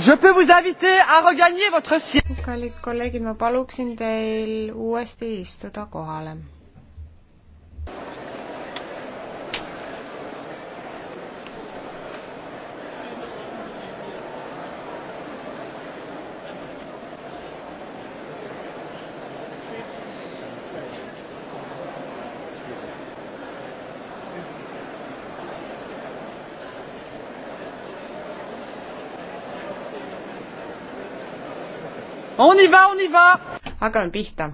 Je peux vous inviter à regagner votre siège. kallid kolleegid, ma paluksin teil uuesti istuda kohale hakkame pihta.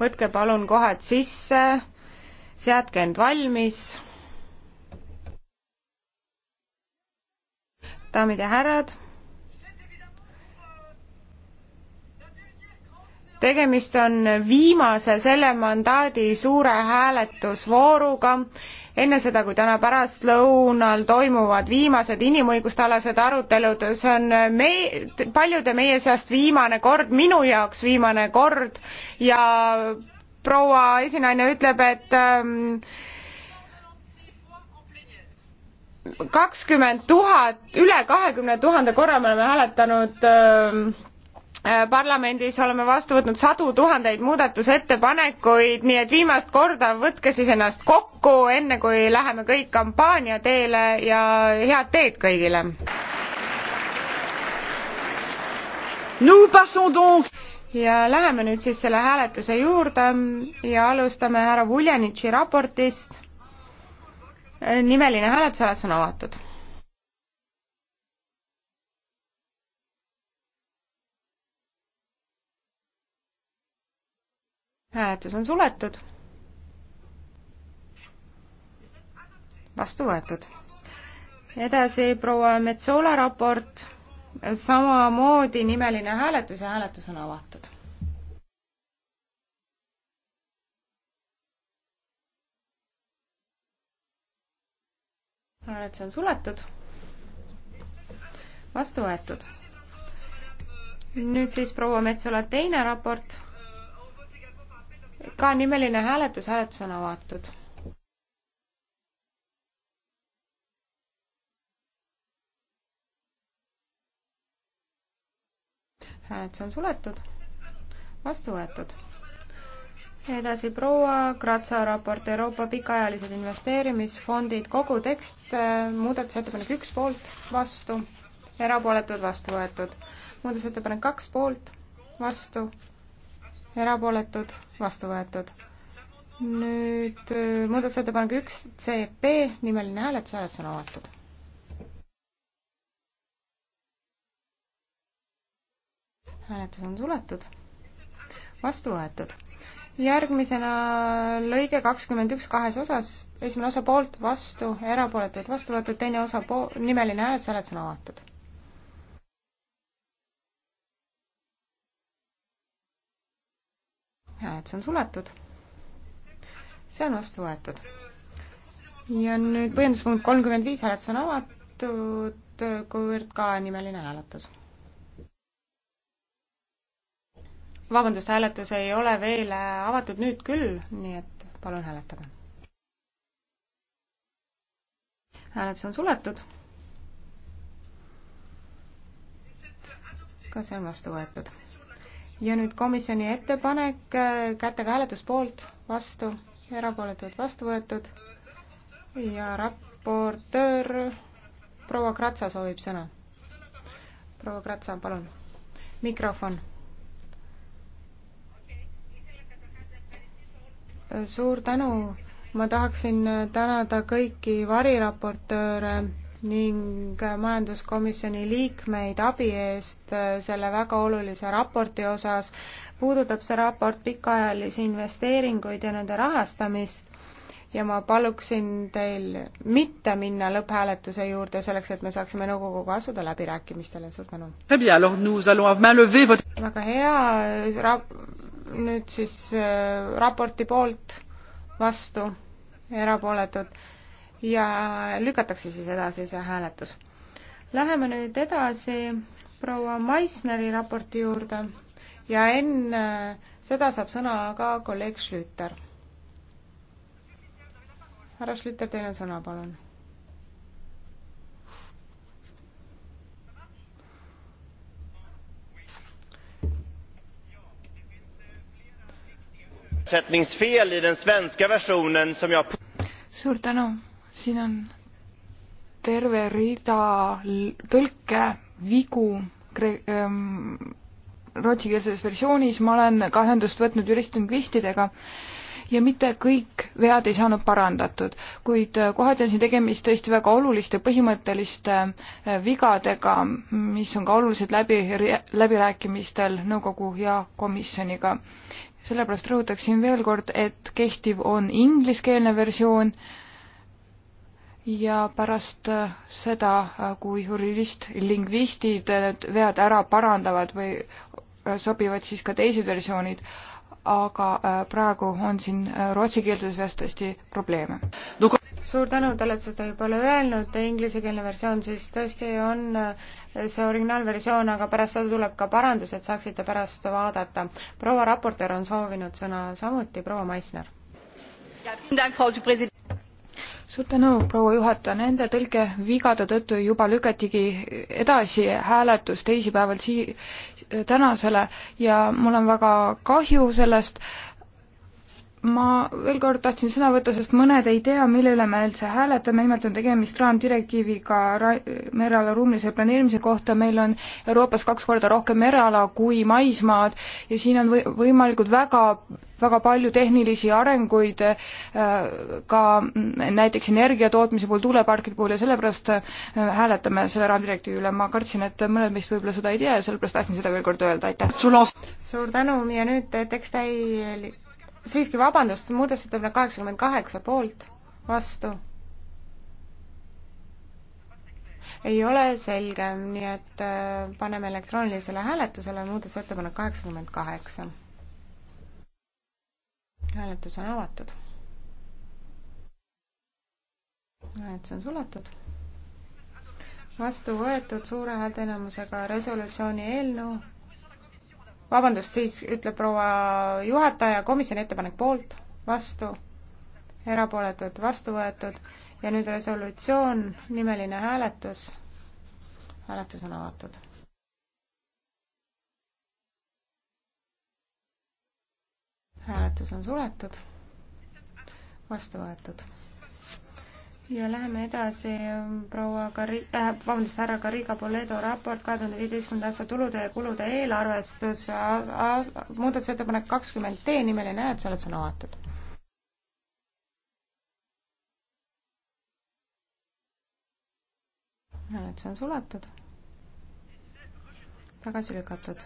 võtke palun kohad sisse, seadke end valmis. daamid ja härrad tegemist on viimase selle mandaadi suure hääletusvooruga enne seda, kui täna pärastlõunal toimuvad viimased inimõiguste alased arutelud, see on me-, paljude meie seast viimane kord, minu jaoks viimane kord ja proua esinaine ütleb, et ähm, kakskümmend tuhat, üle kahekümne tuhande korra me oleme hääletanud öö, ähm, Äh, parlamendis oleme vastu võtnud sadu tuhandeid muudatusettepanekuid nii et viimast korda võtke siis ennast kokku enne kui läheme kõik kampaania teele ja head teed kõigile ja läheme nüüd siis selle hääletuse juurde ja alustame härra Vuljanitši raportist äh, nimeline hääletus hääletus on avatud hääletus on suletud. vastu võetud. edasi proua Metsola raport, samamoodi nimeline hääletus ja hääletus on avatud. hääletus on suletud. vastu võetud. nüüd siis proua Metsola teine raport ka nimeline hääletus, hääletus on avatud. hääletus on suletud, vastu võetud. edasi proua Kratsa raport Euroopa pikaajalised investeerimisfondid, kogu tekst, äh, muudatusettepanek üks poolt, vastu, erapooletud, vastu võetud. muudatusettepanek kaks poolt, vastu erapooletud, vastu võetud. nüüd äh, muudatusettepanek üks, CP, nimeline hääletus, hääletus on avatud. hääletus on suletud, vastu võetud. järgmisena lõige kakskümmend üks kahes osas, esimene osa poolt, vastu, erapooletud, vastu võetud, teine osa po-, nimeline hääletus, hääletus on avatud hääletus on suletud. see on vastu võetud. ja nüüd põhjenduspunkt kolmkümmend viis, hääletus on avatud, kuivõrd ka nimeline hääletus. vabandust, hääletus ei ole veel avatud nüüd küll, nii et palun hääletage. hääletus on suletud ka see on vastu võetud ja nüüd komisjoni ettepanek, äh, kätega hääletus poolt, vastu, erapooletud, vastu võetud ja raportöör proua Kratsa soovib sõna. proua Kratsa, palun, mikrofon. suur tänu, ma tahaksin tänada kõiki variraportööre ning majanduskomisjoni liikmeid abi eest äh, selle väga olulise raporti osas. puudutab see raport pikaajalisi investeeringuid ja nende rahastamist ja ma paluksin teil mitte minna lõpphääletuse juurde, selleks et me saaksime nõukoguga asuda läbirääkimistele, suur tänu. väga hea, rap-, nüüd siis äh, raporti poolt, vastu, erapooletud ja lükatakse siis edasi see hääletus. Läheme nüüd edasi proua Maisneri raporti juurde ja enne seda saab sõna ka kolleeg Schlüter. härra Schlüter, teil on sõna, palun översättningsfel i den svenska versionen som jag Suur tänu siin on terve rida tõlkevigu ähm, rootsikeelses versioonis, ma olen ka ühendust võtnud juristlingvistidega ja mitte kõik vead ei saanud parandatud, kuid äh, kohati on siin tegemist tõesti väga oluliste põhimõtteliste äh, vigadega, mis on ka olulised läbi, läbirääkimistel nõukogu ja komisjoniga. sellepärast rõhutaksin veel kord, et kehtiv on ingliskeelne versioon, ja pärast äh, seda, äh, kui jurist, lingvistid äh, need vead ära parandavad või sobivad siis ka teised versioonid, aga praegu on siin rootsikeelses veas tõesti probleeme no,. suur tänu, te olete seda juba öelnud, inglisekeelne versioon siis tõesti on see originaalversioon, aga pärast seda tuleb ka parandus, et saaksite pärast vaadata. proua raportöör on soovinud sõna samuti, proua Maisner suur tänu, proua juhataja, nende tõlkevigade tõttu juba lükatigi edasi hääletus teisipäeval sii-, tänasele ja mul on väga kahju sellest, ma veel kord tahtsin sõna võtta, sest mõned ei tea, mille üle me üldse hääletame, nimelt on tegemist raamdirektiiviga mereala ruumilise planeerimise kohta, meil on Euroopas kaks korda rohkem mereala kui maismaad ja siin on või võimalikud väga väga palju tehnilisi arenguid äh, ka näiteks energia tootmise puhul, tuuleparkide puhul ja sellepärast äh, hääletame selle raamdirektiivi üle. ma kartsin, et mõned meist võib-olla seda ei tea ja sellepärast tahtsin seda veel kord öelda, aitäh. suur tänu ja nüüd äh, tekst täielik siiski vabandust, muudatusettepanek kaheksakümmend kaheksa poolt, vastu. ei ole selge, nii et äh, paneme elektroonilisele hääletusele muudatusettepanek kaheksakümmend kaheksa. hääletus on avatud. hääletus on suletud. vastu võetud suure häälteenamusega resolutsiooni eelnõu vabandust, siis ütleb proua juhataja, komisjoni ettepanek poolt, vastu, erapooletud, vastu võetud ja nüüd resolutsioon, nimeline hääletus. hääletus on avatud. hääletus on suletud, vastu võetud ja läheme edasi proua Kari- äh,, vabandust, härra Kariga Poledo raport kahe tuhande viieteistkümnenda aasta tulude ja kulude eelarvestus, muudatusettepanek kakskümmend D, nimeline hääletus, oled sõna avatud. hääletus on suletud. tagasi lükatud.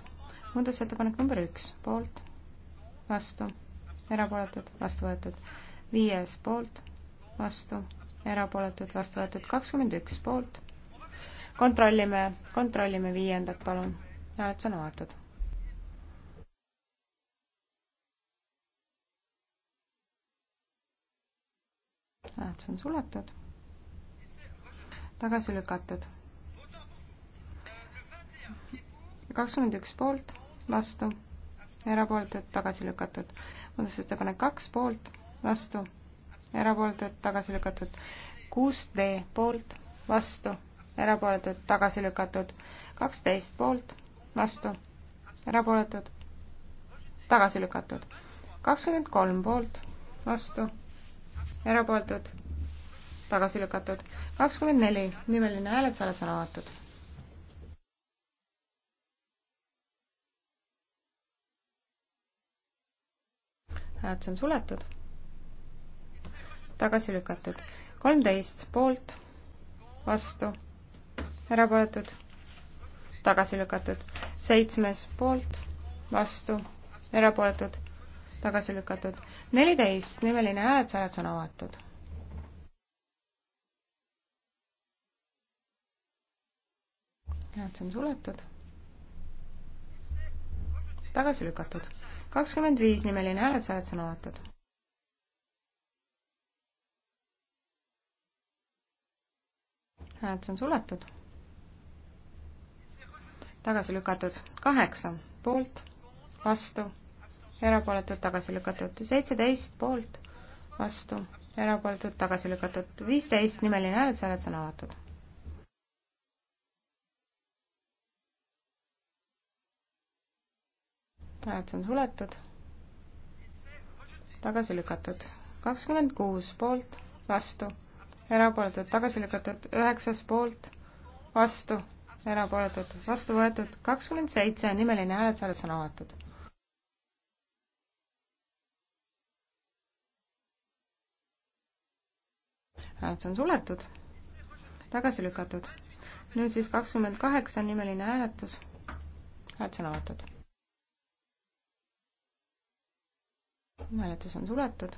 muudatusettepanek number üks, poolt, vastu, erapooletud, vastu võetud. viies poolt, vastu erapooletud, vastu võetud kakskümmend üks poolt. kontrollime, kontrollime viiendat, palun. hääled on avatud. hääled on suletud. tagasi lükatud. kakskümmend üks poolt, vastu, erapooletud, tagasi lükatud. muudatusettepanek kaks poolt, vastu erapooletud, tagasi lükatud. kuus D poolt, vastu, erapooletud, tagasi lükatud. kaksteist poolt, vastu, erapooletud, tagasi lükatud. kakskümmend kolm poolt, vastu, erapooletud, tagasi lükatud. kakskümmend neli, nimeline hääletus, hääletus on avatud. hääletus on suletud tagasi lükatud. kolmteist poolt, vastu, erapooletud, tagasi lükatud. seitsmes poolt, vastu, erapooletud, tagasi lükatud. neliteist nimeline hääletus, hääletus on avatud. hääletus on suletud. tagasi lükatud. kakskümmend viis nimeline hääletus, hääletus on avatud hääletus on suletud. tagasi lükatud kaheksa poolt, vastu, erapooletud, tagasi lükatud seitseteist poolt, vastu, erapooletud, tagasi lükatud viisteist, nimeline hääletus, hääletus on avatud. hääletus on suletud, tagasi lükatud kakskümmend kuus poolt, vastu erapooletud, tagasi lükatud, üheksas poolt, vastu, erapooletud, vastu võetud, kakskümmend seitse, nimeline hääletus, hääletus on avatud. hääletus on suletud, tagasi lükatud. nüüd siis kakskümmend kaheksa, nimeline hääletus, hääletus on avatud. hääletus on suletud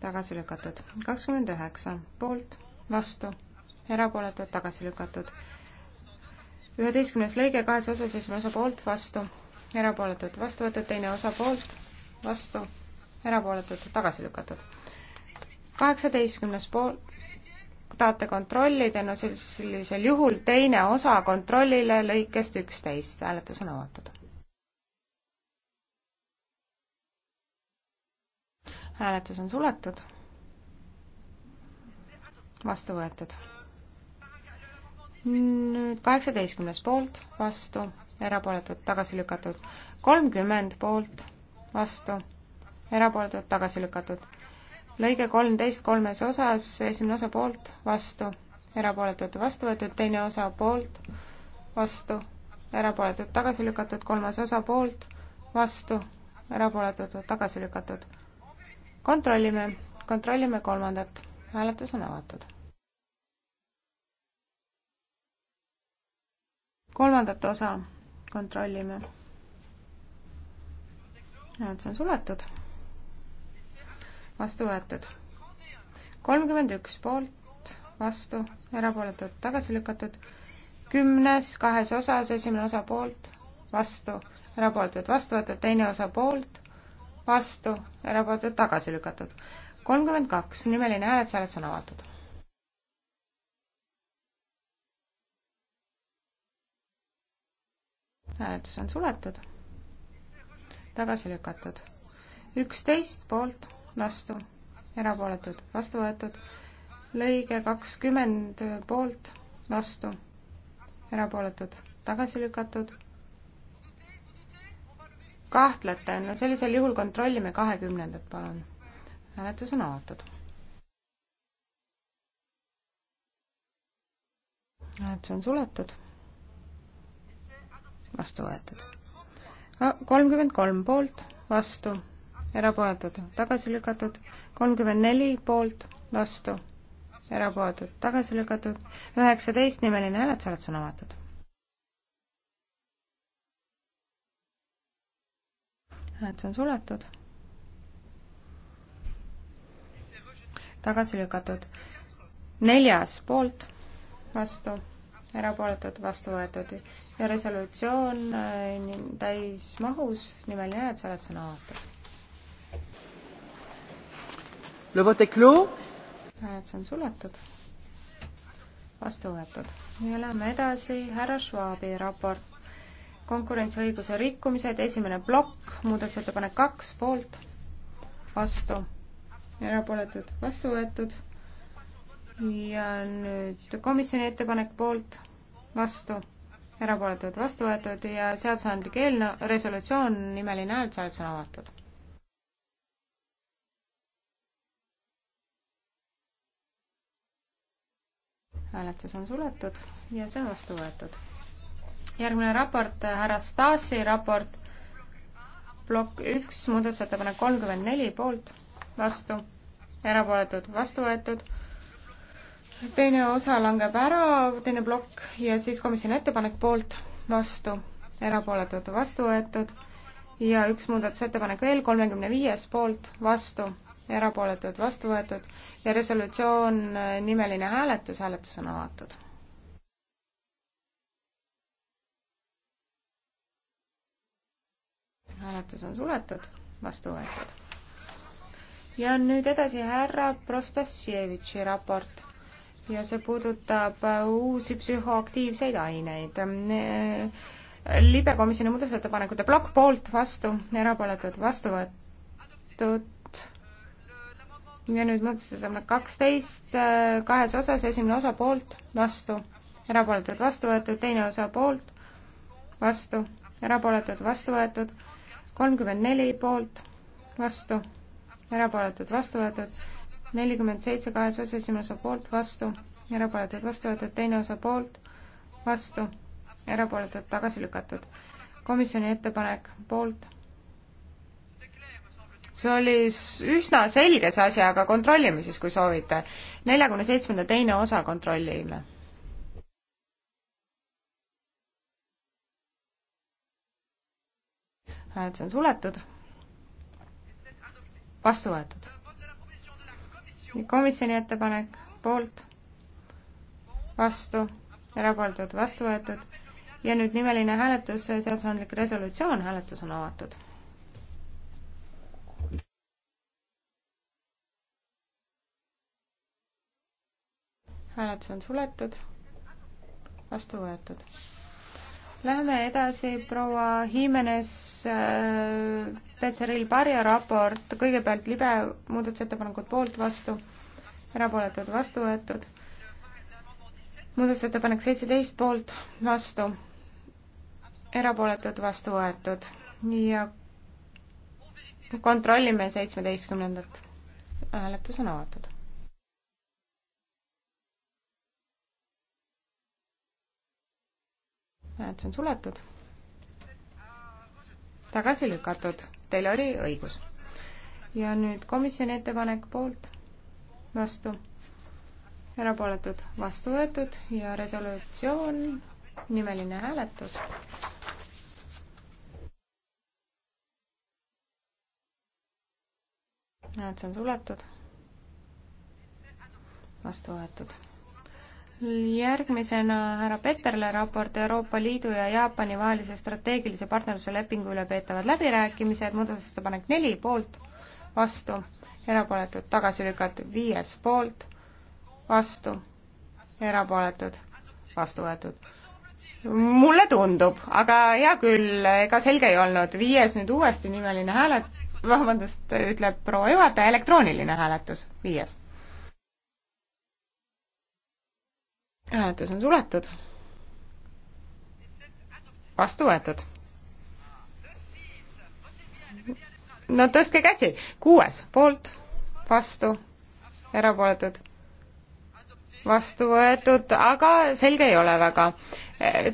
tagasi lükatud. kakskümmend üheksa poolt, vastu, erapooletud, tagasi lükatud. üheteistkümnes lõige kahes osas, esimene osa poolt, vastu, erapooletud, vastu võetud, teine osa poolt, vastu, erapooletud, tagasi lükatud. kaheksateistkümnes pool, tahate kontrollida, no sellisel juhul teine osa kontrollile lõikest üksteist, hääletus on avatud. hääletus on suletud. vastu võetud. nüüd kaheksateistkümnes poolt, vastu, erapooletud, tagasi lükatud. kolmkümmend poolt, vastu, erapooletud, tagasi lükatud. lõige kolmteist kolmes osas, esimene osa poolt, vastu, erapooletud, vastu võetud, teine osa poolt, vastu, erapooletud, tagasi lükatud, kolmas osa poolt, vastu, erapooletud, tagasi lükatud kontrollime, kontrollime kolmandat. hääletus on avatud. kolmandat osa kontrollime. hääletus on suletud. vastu võetud. kolmkümmend üks poolt, vastu, erapooletud, tagasi lükatud. kümnes, kahes osas, esimene osa poolt, vastu, erapooletud, vastu võetud, teine osa poolt vastu, erapooletud, tagasi lükatud. kolmkümmend kaks, nimeline hääletus, hääletus on avatud. hääletus on suletud, tagasi lükatud. üksteist poolt, vastu, erapooletud, vastu võetud. lõige kakskümmend poolt, vastu, erapooletud, tagasi lükatud kahtlete, no sellisel juhul kontrollime kahekümnendat, palun. hääletus on avatud. hääletus on suletud. vastu võetud. kolmkümmend kolm poolt, vastu, erapooletud, tagasi lükatud, kolmkümmend neli poolt, vastu, erapooletud, tagasi lükatud, üheksateist nimeline hääletus, hääletus on avatud hääletus on suletud. tagasi lükatud. neljas poolt, vastu, erapooletud, vastu võetud ja resolutsioon äh, täismahus, nimeline hääletus, hääletus on avatud. hääletus on suletud vastu võetud. ja lähme edasi härra Schwabi raport konkurentsiõiguse rikkumised, esimene plokk, muudatusettepanek kaks, poolt, vastu, erapooletud, vastu võetud. ja nüüd komisjoni ettepanek poolt, vastu, erapooletud, vastu võetud ja seadusandlik eelnõu, resolutsioon, nimeline hääletus on avatud. hääletus on suletud ja see on vastu võetud järgmine raport, härra Stasi raport, plokk üks, muudatusettepanek kolmkümmend neli poolt, vastu, erapooletud, vastu võetud. teine osa langeb ära, teine plokk ja siis komisjoni ettepanek poolt, vastu, erapooletud, vastu võetud ja üks muudatusettepanek veel, kolmekümne viies poolt, vastu, erapooletud, vastu võetud ja resolutsioon, nimeline hääletus, hääletus on avatud hääletus on suletud, vastu võetud. ja nüüd edasi härra Prostasjevitši raport ja see puudutab äh, uusi psühhoaktiivseid aineid. Äh, libekomisjoni muudatusettepanekute plokk poolt vastu, erapooletud vastu võetud ja nüüd muudatusettepanek kaksteist äh, kahes osas, esimene osa poolt, vastu, erapooletud vastu võetud, teine osa poolt, vastu, erapooletud vastu võetud kolmkümmend neli poolt, vastu, erapooletud, vastu võetud, nelikümmend seitse kahes osas, esimene osa poolt, vastu, erapooletud, vastu võetud, teine osa poolt, vastu, erapooletud, tagasi lükatud. komisjoni ettepanek poolt. see oli üsna selge see asi, aga kontrollime siis, kui soovite. neljakümne seitsmenda teine osa kontrollime hääletus on suletud. vastu võetud. komisjoni ettepanek poolt, vastu, erapooletud, vastu võetud ja nüüd nimeline hääletus, seadusandlik resolutsioon, hääletus on avatud. hääletus on suletud, vastu võetud. Läheme edasi, proua Jimenez äh,, Petseril Barja raport, kõigepealt libe muudatusettepanekud poolt, vastu, erapooletud, vastu võetud. muudatusettepanek seitseteist poolt, vastu, erapooletud, vastu võetud ja kontrollime seitsmeteistkümnendat. hääletus on avatud. näed, see on suletud. tagasi lükatud, teil oli õigus. ja nüüd komisjoni ettepanek poolt, vastu, erapooletud, vastu võetud ja resolutsioon, nimeline hääletus. näed, see on suletud, vastu võetud järgmisena härra Peterle raport Euroopa Liidu ja Jaapani vahelise strateegilise partnerluse lepingu üle peetavad läbirääkimised, muudatusettepanek neli poolt, vastu, erapooletud, tagasi lükatud, viies poolt, vastu, erapooletud, vastu võetud mulle tundub, aga hea küll, ega selge ei olnud, viies nüüd uuesti nimeline häälet-, vabandust, ütleb proua juhataja, elektrooniline hääletus, viies hääletus on suletud. vastu võetud. no tõstke käsi, kuues poolt, vastu, erapooletud, vastu võetud, aga selge ei ole väga.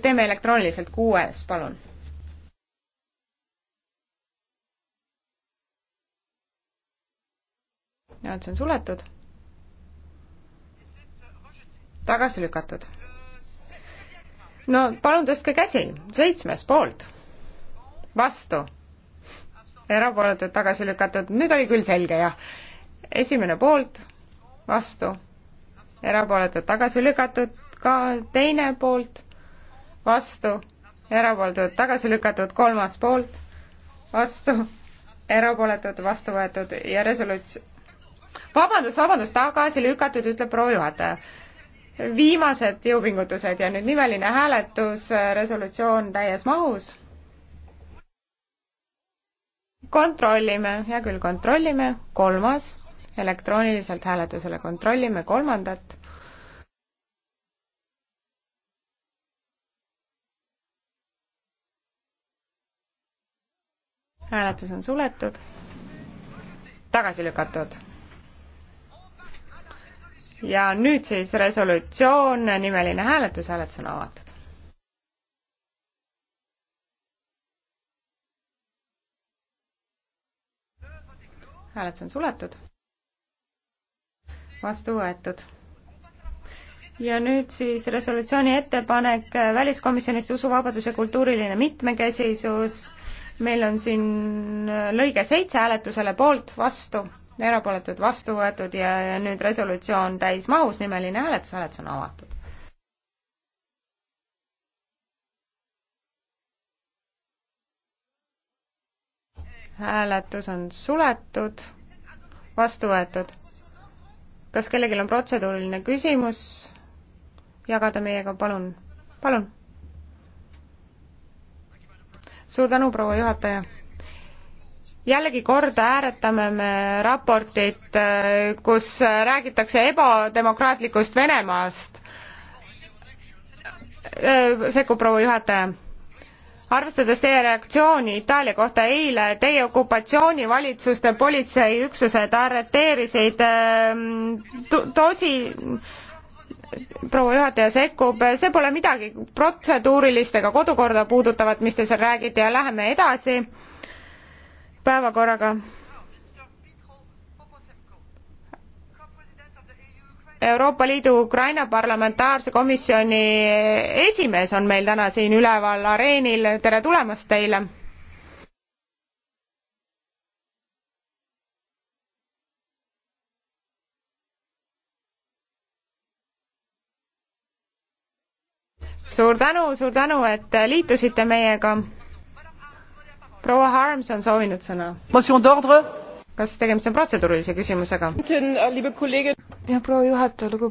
teeme elektrooniliselt, kuues, palun ja et see on suletud tagasi lükatud. no palun tõstke käsi, seitsmes poolt, vastu, erapooletud tagasi lükatud, nüüd oli küll selge jah. esimene poolt, vastu, erapooletud tagasi lükatud, ka teine poolt, vastu, erapooletud tagasi lükatud, kolmas poolt, vastu, erapooletud, vastu võetud ja resoluts-, vabandust, vabandust, tagasi lükatud, ütleb proua juhataja viimased jõupingutused ja nüüd nimeline hääletus, resolutsioon täies mahus. kontrollime, hea küll, kontrollime, kolmas, elektrooniliselt hääletusele kontrollime kolmandat. hääletus on suletud, tagasi lükatud ja nüüd siis resolutsioon, nimeline hääletus, hääletus on avatud. hääletus on suletud. vastu võetud ja nüüd siis resolutsiooni ettepanek väliskomisjonist usuvabadus ja kultuuriline mitmekesisus. meil on siin lõige seitse hääletusele poolt, vastu, erapooletud vastu võetud ja, ja nüüd resolutsioon täismahus, nimeline hääletus, hääletus on avatud. hääletus on suletud, vastu võetud. kas kellelgi on protseduuriline küsimus jagada meiega, palun, palun? suur tänu, proua juhataja jällegi kord hääletame me raportit, kus räägitakse ebademokraatlikust Venemaast. sekkub proua juhataja. arvestades teie reaktsiooni Itaalia kohta eile, teie okupatsioonivalitsuste politseiüksused arreteerisid ehm, tosi proua juhataja sekkub, see pole midagi protseduurilist ega kodukorda puudutavat, mis te seal räägite ja läheme edasi päevakorraga. Euroopa Liidu Ukraina parlamentaarse komisjoni esimees on meil täna siin üleval areenil, tere tulemast teile! suur tänu, suur tänu, et liitusite meiega! proua Harms on soovinud sõna. kas tegemist on protseduurilise küsimusega? jah, proua juhataja, lugupeetud